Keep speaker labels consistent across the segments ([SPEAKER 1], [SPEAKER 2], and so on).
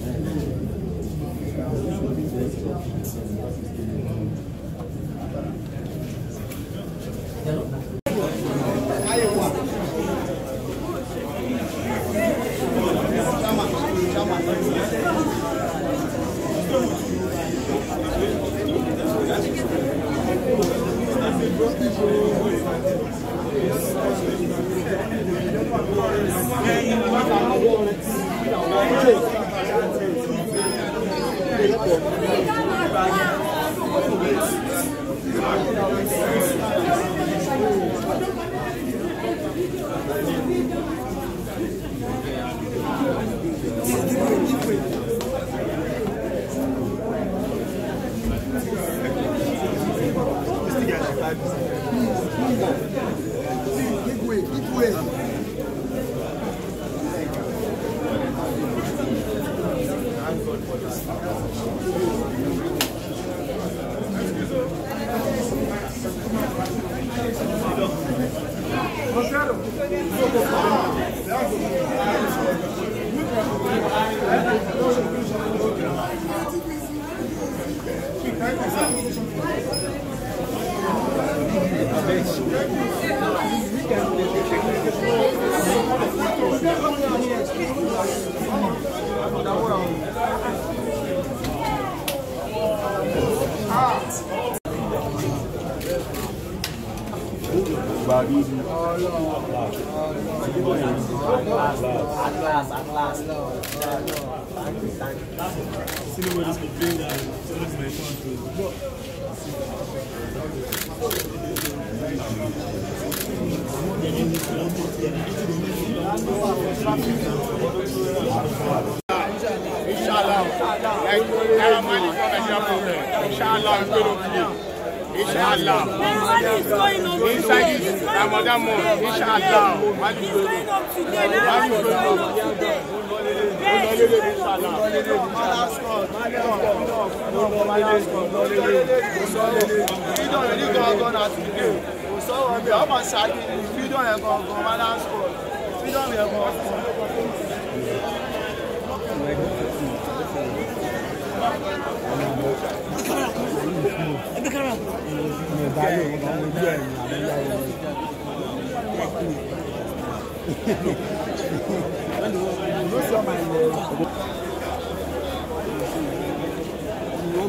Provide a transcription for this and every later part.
[SPEAKER 1] Amen. parí. Inshallah, I am ready for Nigeria problem. Inshallah, we will be inshallah. Inside this Ramadan month, inshallah. He's going up today. Nobody Don't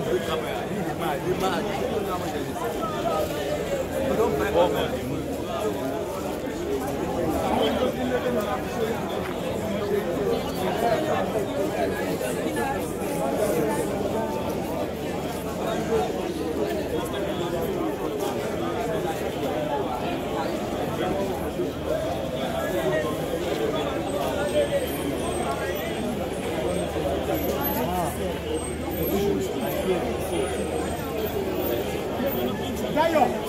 [SPEAKER 1] break up. a y